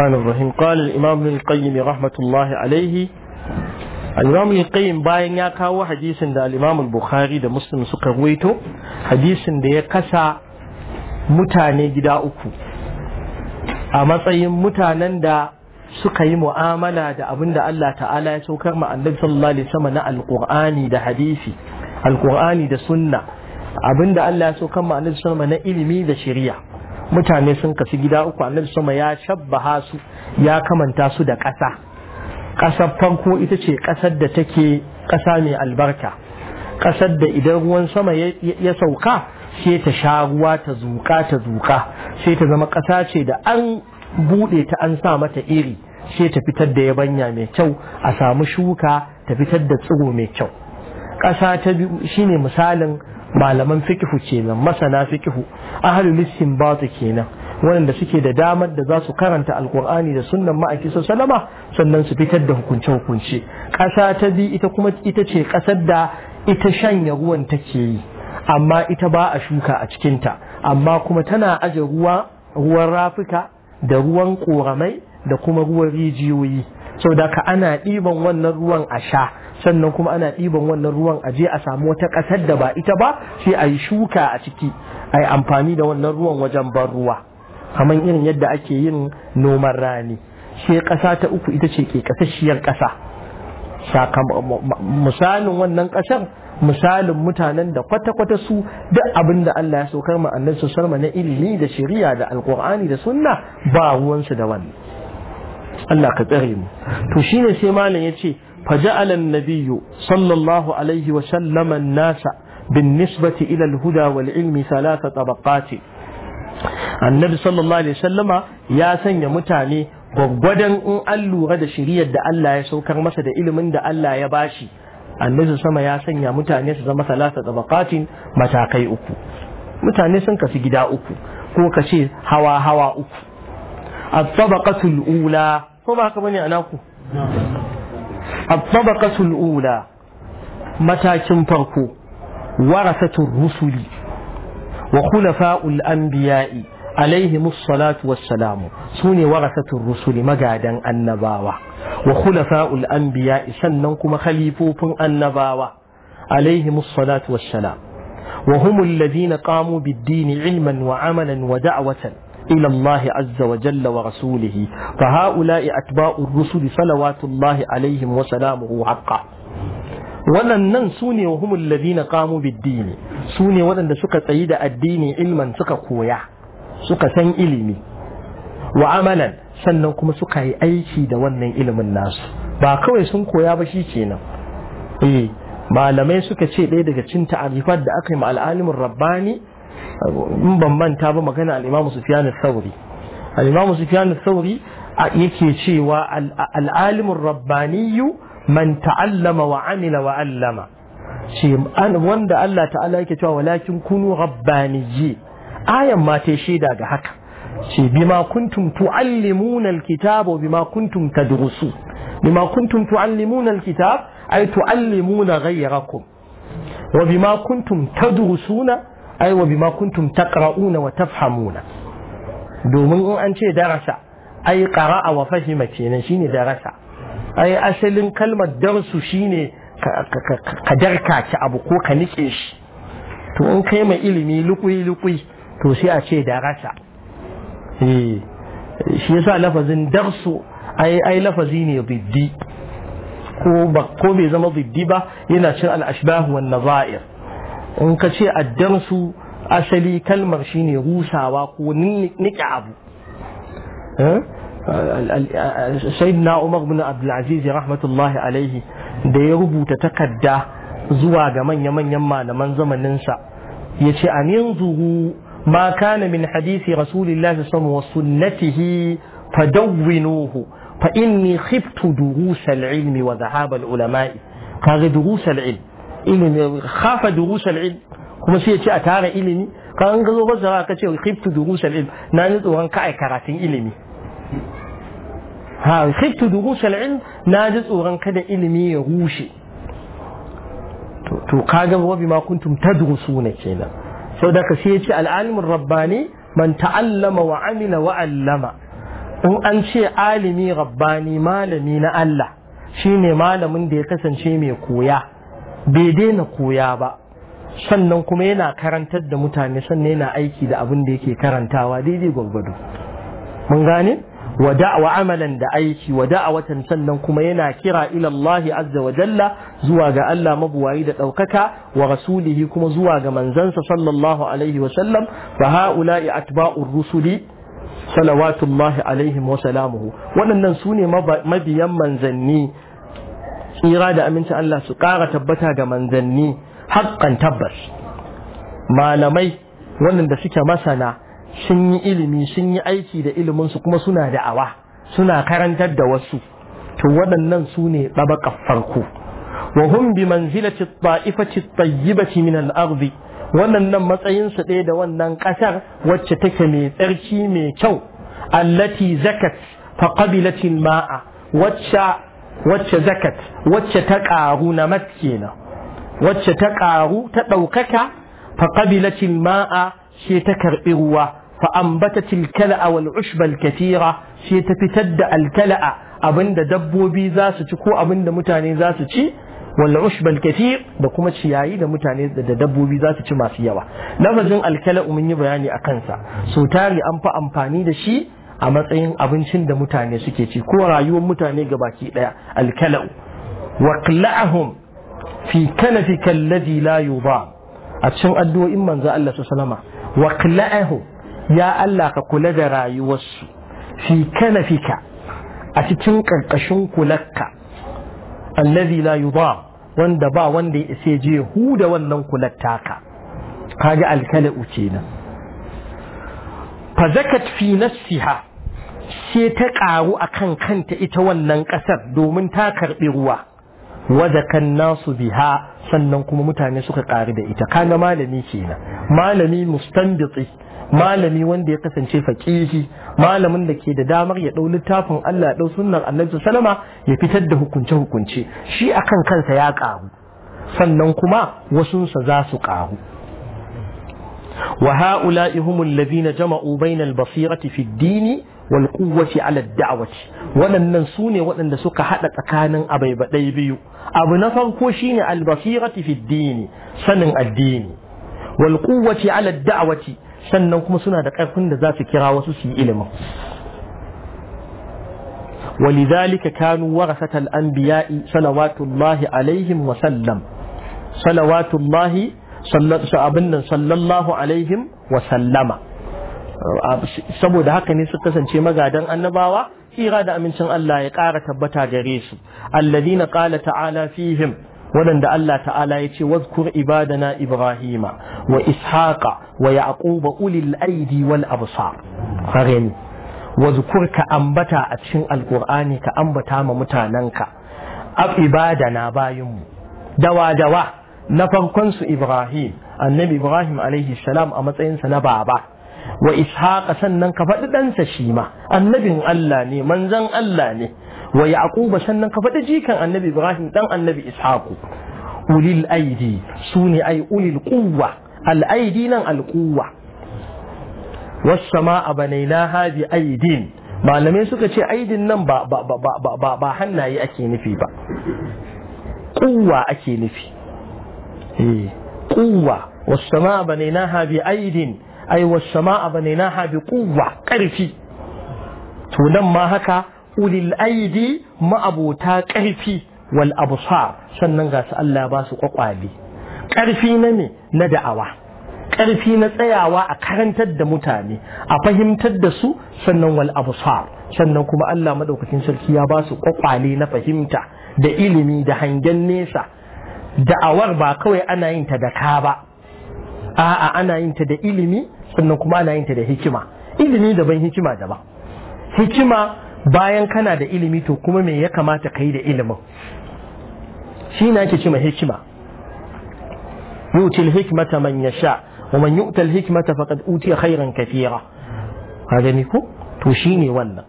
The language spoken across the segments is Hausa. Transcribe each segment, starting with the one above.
الرحمن الرحيم قال الإمام ابن القيم رحمة الله عليه الإمام ابن القيم باين يا كاو حديث دا الإمام البخاري دا مسلم سكرويتو حديث دا يكسى متاني جدا أكو أما متانا دا suka yi mu'amala da abin da Allah ta'ala ya saukar ma annabi sallallahu alaihi wasallam na alqur'ani da hadisi alqur'ani da sunna abin da Allah ya saukar ma na ilimi da shari'a mutane sun kasu gida uku annabi sama ya shabbaha su ya kamanta su da ƙasa ƙasar farko ita ce ƙasar da take ƙasa mai albarka ƙasar da idan ruwan sama ya sauka sai ta sha ruwa ta zuƙa ta zuƙa sai ta zama ƙasa ce da an buɗe ta an sa mata iri sai ta fitar da yabanya mai kyau a samu shuka ta fitar da tsiro mai kyau ƙasa ta biyu shine misalin malaman fikihu kenan masana fikihu ahlul istinbat kenan waɗanda suke da damar da za su karanta alkur'ani da sunnan ma'aiki Salama sannan su fitar da hukunce hukunce ƙasa ta bi ita kuma ita ce ƙasar da ita shanya ruwan take yi amma ita ba a shuka a cikinta amma kuma tana aje ruwa ruwan rafuka da ruwan ƙoramai da kuma ruwan rijiyoyi sau da ka ana ɗiban wannan ruwan a sha sannan kuma ana ɗiban wannan ruwan a je a samu wata ƙasar da ba ita ba sai a yi shuka a ciki a yi amfani da wannan ruwan wajen ban ruwa kamar irin yadda ake yin noman rani sai ƙasa ta uku ita ce ke ƙasashiyar ƙasa misalin wannan ƙasar misalin mutanen da kwata-kwata su duk abin da Allah ya saukar ma annabi sallallahu na ilimi da shari'a da alqur'ani da sunna ba ruwansu da wannan Allah ka tsare mu to shine sai malam yace فجعل النبي صلى الله عليه وسلم الناس بالنسبة إلى الهدى والعلم ثلاث طبقات النبي صلى الله عليه وسلم يا سنة متاني gwaggwadon in an lura da shiriyar da Allah ya saukar masa da ilimin da Allah ya bashi annabi sama ya sanya mutane su zama salasa tabaqatin matakai uku mutane sun kasu gida uku ko kace hawa hawa uku at-tabaqatul ula ko ba haka bane a naku الطبقة الأولى matakin farko warasatun rusuli wa khulafa'ul anbiya'i alaihimus salatu wassalamu sune warasatun rusuli magadan annabawa wa khulafa'ul anbiya'i sannan kuma khalifofin annabawa alaihimus salatu wassalam wa humul ladina qamu bid-dini ilman wa amalan wa da'watan إلى الله عز وجل ورسوله فهؤلاء أتباع الرسل صلوات الله عليهم وسلامه حقا waɗannan su ne wa humul ladina qamu biddini su ne waɗanda suka tsayi da addini ilman suka koya suka san ilimi wa amalan sannan kuma suka yi aiki da wannan ilimin nasu ba kawai sun koya ba shi kenan eh malamai suka ce ɗaya daga cin ta'arifar da aka yi ma al'alimin rabbani in bambanta ba magana al-Imam Sufyan al-Thawri al-Imam Sufyan al-Thawri yake cewa al-alim ar-rabbani man ta'allama wa amila wa allama shi an wanda Allah ta'ala yake cewa walakin kunu rabbaniyyi ayan ma ta shaida ga haka shi bima kuntum tu'allimuna al-kitaba bima kuntum tadrusu bima kuntum tu'allimuna al-kitab ay tu'allimuna ghayrakum wa bima kuntum tadrusuna ai wa bima kuntum taqra'una wa tafhamuna domin in an ce darasa ai qara'a wa fahima kenan shine darasa ai asalin kalmar darsu shine ka darka ci abu ko ka nike shi to in kai mai ilimi lukui lukui to sai a ce darasa eh shi yasa lafazin darsu ai ai lafazi ne diddi ko ba ko bai zama diddi ba yana cin al-ashbah wan nazair in ka ce addarsu asali kalmar shine rusawa ko nike abu sayyidina umar bin abdulaziz rahmatullahi alaihi da ya rubuta takarda zuwa ga manya-manyan malaman zamaninsa ya ce an yanzu ma kana min hadisi rasulillahi sallallahu wa sunnatihi fadawwinuhu fa inni khiftu durus al-ilmi wa dhahab al-ulama'i kaga durus al ilimi khafa durus ilm kuma sai ya a tara ilimi ka an gazo fassara ka ce khiftu durus ilm na ni tsoron ka ai karatun ilimi ha khiftu durus ilm na ji tsoron da ilimi ya rushe to ka kaga wa ma kuntum tadrusuna kenan sau da ka sai ya ce al-alimur rabbani man ta'allama wa amila wa allama in an ce alimi rabbani malami na Allah shine malamin da ya kasance mai koya bai daina koya ba sannan kuma yana karantar da mutane sannan yana aiki da abin da yake karantawa daidai gwargwado mun gane wa da'wa amalan da aiki wa da'awatan sannan kuma yana kira ila Allah azza wa jalla zuwa ga Allah mabuwayi da daukaka wa rasulihi kuma zuwa ga manzansa sallallahu alaihi wa sallam fa haula'i atba'ur rusuli salawatullahi alaihim wa salamuhu waɗannan sune mabiyan manzanni tsira da aminta Allah su ƙara tabbata ga manzanni haƙƙan tabbas malamai waɗanda suke masana sun yi ilimi sun yi aiki da iliminsu kuma suna da'awa suna karantar da wasu to waɗannan su ne ɗabaƙar farko wa hum bi manzilati ta'ifati tayyibati min al-ardi waɗannan matsayinsu ɗaya da wannan ƙasar wacce take mai tsarki mai kyau allati zakat fa qabilatil ma'a wacce wacce zakat wacce ta ƙaru na matkina wacce ta ƙaru ta ɗaukaka fa qabilatil ma'a shi ta karɓi ruwa fa ambatatil kala'a wal ushbal katira shi ta fitar da alkala'a abinda dabbobi za su ci ko abinda mutane za su ci wal ushbal katir da kuma ciyayi da mutane da dabbobi za su ci masu yawa lafazin alkala'u mun yi bayani a kansa so tari an fa amfani da shi a matsayin abincin da mutane suke ci ko rayuwar mutane gabaki daya alkalau waqla'ahum fi kanafika alladhi la Yuba. a cikin addu'o'in manzo Allah sallama waqla'ahu ya Allah ka kula da rayuwarsu fi kanafika a cikin karkashin kulakka alladhi la Yuba wanda ba wanda ya isa je huda wannan kulattaka kaga alkala'u kenan fa zakat fi nafsiha sai ta ƙaru a kan kanta ita wannan ƙasar domin ta karɓi ruwa wazakan nasu biha sannan kuma mutane suka ƙaru da ita kana malami kenan malami mustanbiti malami wanda ya kasance faƙihi malamin da ke da damar ya ɗau littafin Allah ya ɗau sunnar annabi salama ya fitar da hukunce hukunce shi akan kansa ya ƙaru sannan kuma wasunsa za su ƙaru wa ha'ula'i humul ladina jama'u bainal basirati fid dini والقوة على الدعوة ولن ننسوني ولن نسوك حتى تكان أبي بدي بيو أبو نفن كوشين البصيرة في الدين سنن الدين والقوة على الدعوة سنن كم سنة دقائق كن ذات كرا وسوسي إلما ولذلك كانوا ورثة الأنبياء صلوات الله عليهم وسلم صلوات الله صلى الله عليهم وسلم. Ah, ah, saboda haka ne suka kasance magadan annabawa Hira da amincin Allah ya ƙara tabbata gare su alladina qala ta'ala fihim waɗanda Allah ta'ala ya ce wazkur ibadana ibrahima wa ishaqa wa yaquba ulil aidi wal absar harin wazkur ka ambata a cikin alqur'ani ka ambata ma mutananka ab ibadana bayinmu dawa dawa na farkon su ibrahim annabi ibrahim alaihi salam a matsayinsa na baba wa ishaqa sannan ka faɗi ɗansa shi ma annabin Allah ne manzan Allah ne wa yaquba sannan ka faɗi jikan annabi ibrahim dan annabi ishaqu ulil aidi sune ai ulil quwwa al aidi nan al quwwa was samaa banaynaha bi aidin malamai suka ce aidin nan ba ba ba ba ba ba hannaye ake nufi ba quwwa ake nufi eh quwwa was samaa banaynaha bi aidin ai was-sama'a banaynaha bi quwwa karfi to nan ma haka ulil aidi ma'abota karfi wal abusa sannan ga su Allah ba su kwakwale karfi na ne na da'awa karfi na tsayawa a karantar da mutane a fahimtar da su sannan wal abusa sannan kuma Allah maɗaukacin sarki ya ba su kwakwale na fahimta da ilimi da hangen nesa da'awar ba kawai ana yin ta da ka ba a'a ana yin ta da ilimi sannan kuma ana yin ta da hikima ilimi daban hikima daban hikima bayan kana da ilimi to kuma me ya kamata ka yi da ilimin shi na ake cima hikima yutil hikmata man yasha wa man yu'tal hikmata faqad utiya khairan kathira hada ne ko to shine wannan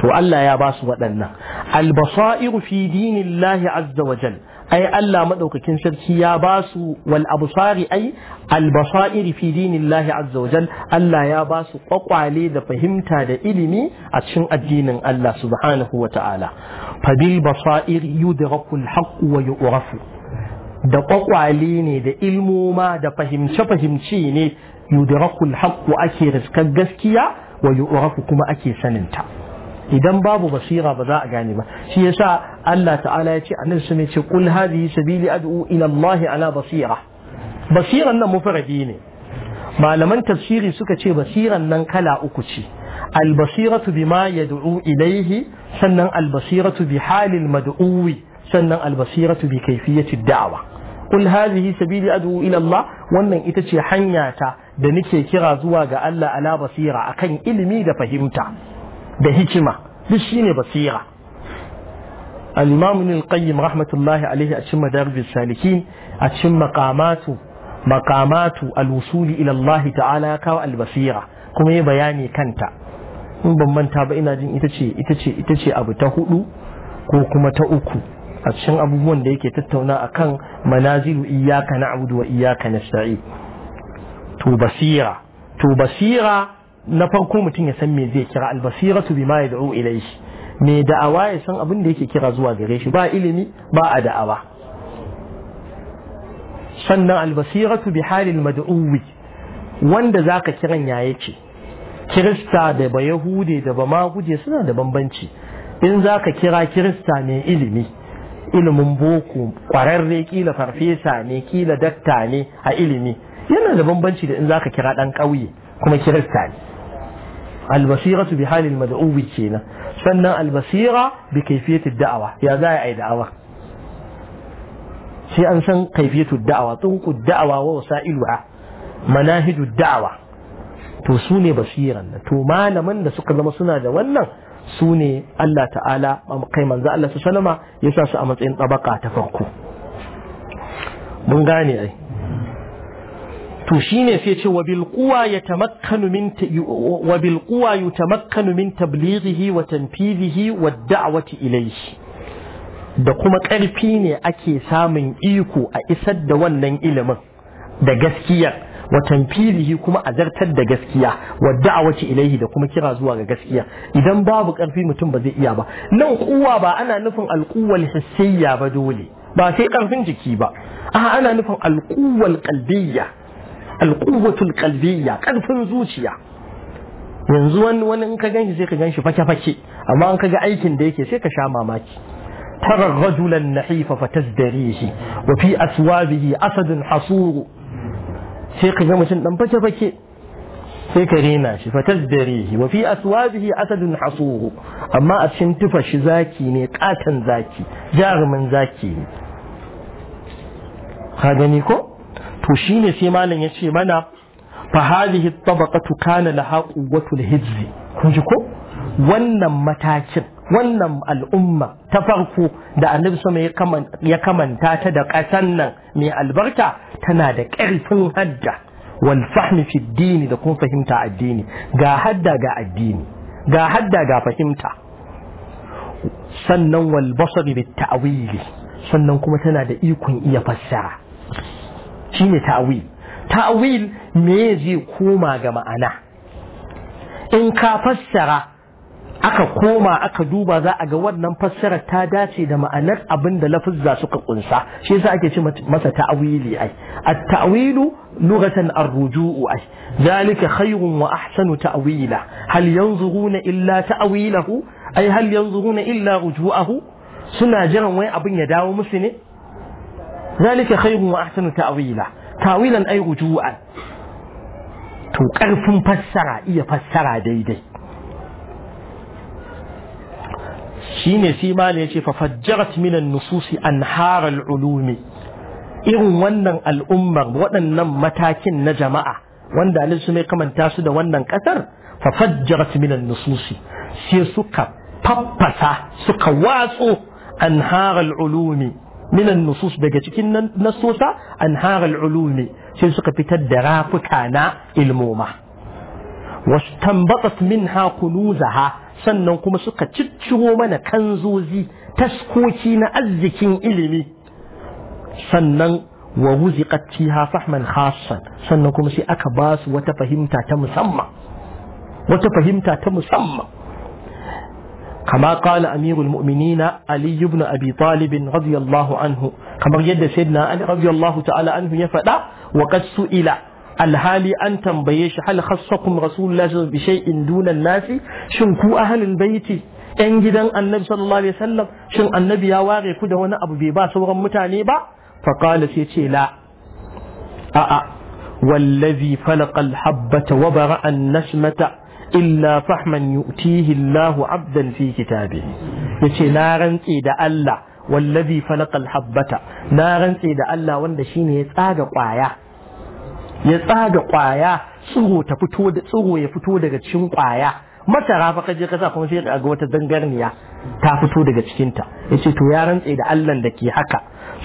to Allah ya ba su waɗannan albasairu fi dinillahi azza wa jal ai Allah madaukakin sarki ya ba su wal absari ai al fi dinillahi azza wajal Allah ya ba su kwakwale da fahimta da ilimi a cikin addinin Allah subhanahu wa ta'ala fa bil basairi yudraku al haqq wa yu'rafu da kwakwale ne da ilmoma da fahimce fahimce ne yudraku al haqq ake riskar gaskiya wa yu'rafu kuma ake saninta idan babu basira ba za a gane ba shi yasa Allah ta'ala ya ce annabi sun ce kul hadhihi sabili ad'u ila Allah ala basira basiran nan mufradi ne malaman tafsiri suka ce basiran nan kala uku ce albasiratu bima yad'u ilaihi sannan albasiratu bi halil mad'uwi sannan albasiratu bi kayfiyati da'wa kul hadhihi sabili ad'u ila Allah wannan ita ce hanya ta da nake kira zuwa ga Allah ala basira akan ilimi da fahimta da hikima duk shine basira al-imam ibn al-qayyim rahmatullahi alayhi a cikin madarij salikin a cikin maqamatu maqamatu al-wusul ila Allah ta'ala kawo al-basira kuma ya bayani kanta in ban manta ba ina jin ita ce ita ce ita ce abu ta hudu ko kuma ta uku a cikin abubuwan da yake tattauna akan manazilu iyyaka na'budu wa iyyaka nasta'in to basira to basira na farko mutum ya san me zai kira albasiratu bima yad'u ilayhi me da'awa ya san abin da yake kira zuwa gare shi ba ilimi ba a da'awa sannan albasiratu bi halil mad'uwi wanda zaka kiran ya yake kirista da ba yahude da ba maguje suna da bambanci in zaka kira kirista ne ilimi ilimin boko kwararre kila farfesa ne kila dakta ne a ilimi yana da bambanci da in zaka kira dan ƙauye kuma kirista ne البصيرة بحال المدعوب كينا سنة البصيرة بكيفية الدعوة يا داعي دعوة شيء أنسان كيفية الدعوة تنقو الدعوة ووسائلها مناهج الدعوة تسوني بصيرا توما لمن نسق لما سنة جوانا سوني الله تعالى مقيما ذا الله سلامة يساس أمس إن طبقة تفرقو من غاني أي to shine sai ce wabil quwa ya tamakkanu min tablighihi wa tanfizihi wa da'wati ilayhi da kuma ƙarfi ne ake samun iko a isar da wannan ilimin da gaskiya wa tanfizihi kuma a zartar da gaskiya wa da'wati ilayhi da kuma kira zuwa ga gaskiya idan babu ƙarfi mutum ba zai iya ba nan quwa ba ana nufin alquwal hissiyya ba dole ba sai ƙarfin jiki ba a ana nufin alquwal qalbiyya alquwwatul qalbiyya karfin zuciya yanzu wani wani in ka ganshi sai ka ganshi fake fake amma in ka ga aikin da yake sai ka sha mamaki ترى الرجل النحيف فتزدريه وفي Hasuru. Sai ka ga mutum شنطن fake فكي sai ka rena shi fa tasdarihi wa fi aswabihi asadun hasuru amma a cikin tufa shi zaki ne katan zaki jarumin zaki ne ka gani ko to shine sai malam ya ce mana fa hadhihi tabaqatu kana laha quwwatul hijzi kun ji ko wannan matakin wannan al'umma ta farko da annabi sama ya ya kamanta ta da kasan nan mai albarka tana da karfin hadda wal fahmi fi din da kun fahimta addini ga hadda ga addini ga hadda ga fahimta sannan wal basari bit ta'wili sannan kuma tana da ikon iya fassara shine ta'awil ta'awil me zai koma ga ma'ana in ka fassara aka koma aka duba za a ga wannan fassarar ta dace da ma'anar abin da lafizza suka kunsa shi yasa ake ce masa ta'wili ai at-ta'wilu lughatan ar-ruju'u ai zalika khayrun wa ahsanu ta'wila hal yanzuruna illa ta'wilahu ai hal yanzuruna illa ruju'ahu suna jiran wai abin ya dawo musu ne ذلك خير وأحسن تأويلا تأويلا أي رجوعا تقرف فسرا إيا فسرا دي دي شيني سيمان يشي ففجرت من النصوص أنهار العلوم إرو ونن الأمة ونن متاكن نجماء wanda alin su mai kamanta su da wannan kasar fa fajjarat min an-nususi sai suka faffasa suka watso anhar al-ulumi min nusus daga cikin nan nasosa anharul ulumi sai suka fitar da rafuka na ilmoma wastanbatat minha kunuzaha sannan kuma suka cicciro mana kanzozi taskoki na arzikin ilimi sannan wa wuziqat fiha fahman khassan sannan kuma sai aka ba su wata fahimta ta musamman wata fahimta ta musamman كما قال أمير المؤمنين علي بن أبي طالب رضي الله عنه كما يد سيدنا علي رضي الله تعالى عنه يفدا وقد سئل الحالي أن تنبيش هل خصكم رسول الله صلى بشيء دون الناس شنكو أهل البيت إن جدا النبي صلى الله عليه وسلم شن النبي يواري كده هنا أبو بيبا صورا متاني با فقال سيتي لا أأ والذي فلق الحبة وبرأ النسمة illa fahman yu'tihi Allahu 'abdan fi kitabihi yace na rantse da Allah wallazi falaqal habbata na rantse da Allah wanda shine ya tsaga kwaya ya tsaga kwaya tsiro ta fito da ya fito daga cikin kwaya masara fa kaje kasa kuma sai ga wata zangarniya ta fito daga cikin ta yace to ya rantse da Allah da ke haka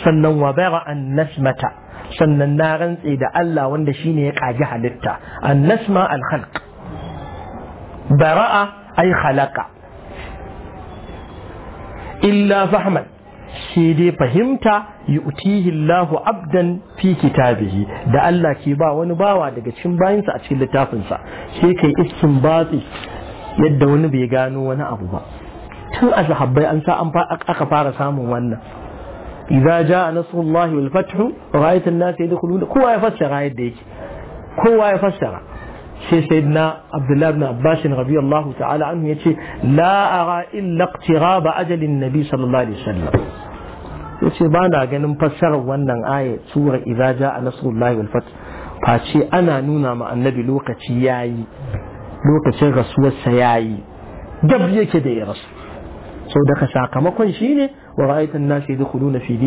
sannan wa bara an nasmata sannan na rantse da Allah wanda shine ya kage halitta an nasma al khalq bara'a ai khalaqa illa fahman shi dai fahimta yu'tihi Allahu abdan fi kitabihi da Allah ke ba wani bawa daga cikin bayinsa a cikin littafinsa sai kai iskin batsi yadda wani bai gano wani abu ba tun a sahabbai an sa an aka fara samun wannan idza jaa nasrullahi wal fathu ra'aytan nas yadkhuluna kowa ya fassara yadda yake kowa ya fassara sai na abdullahi abbasin rabi radiyallahu ta'ala anhu yace ce ara illa ba ajalin nabi sallallahu alaihi wasallam yace ba na ganin fassarar wannan aya sura a jaa nasrullahi walfat fath face ana nuna ma annabi lokaci yi. lokacin rasuwarsa yi. dab yake da ya rasu sau daga sakamakon shine wa ra'aytan nas yadkhuluna fi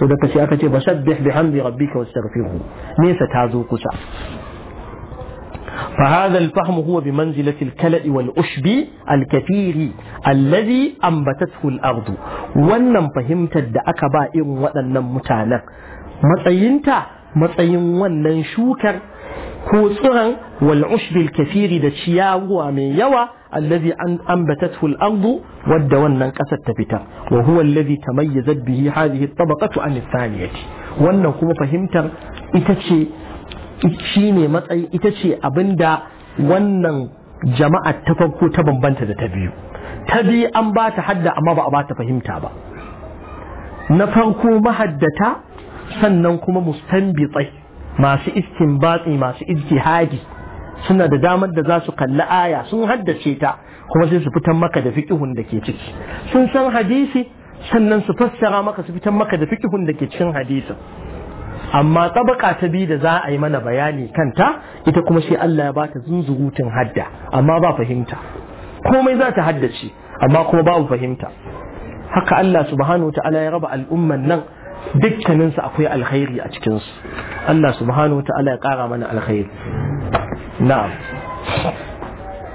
so da kace aka ce fasabbih bihamdi rabbika wastaghfirhu nesa ta zo kusa فهذا الفهم هو بمنزلة الكلأ والأشب الكثير الذي أنبتته الأرض wannan fahimtar da aka ba irin waɗannan mutanen matsayinta matsayin wannan shukar كوسهن والعشب الكثير ذا شياوة من يوى الذي أنبتته الأرض والدوان انكست بتا وهو الذي تميزت به هذه الطبقة عن الثانية وأنه كما فهمت إتشي إتشي أبندا وأن جماعة تفكو تبن بنت ذا تبيو تبي أنبات حد أما بأبات فهمتا با نفكو مهدتا سنن كما masu istinbatsi masu ijtihadi suna da damar da za su kalli aya sun haddace ta kuma sai su fitan maka da fiqhun da ke ciki sun san hadisi sannan su fassara maka su fitan maka da fiqhun da ke cikin hadisin amma tabaka ta biyu da za a yi mana bayani kanta ita kuma sai Allah ya bata zunzurutun hadda amma ba fahimta komai za ta haddace amma kuma babu fahimta haka Allah subhanahu wa ta'ala ya raba al'umman nan dukkaninsu akwai alkhairi a cikinsu Allah subhanahu wa ta'ala ya ƙara mana alkhairi na'am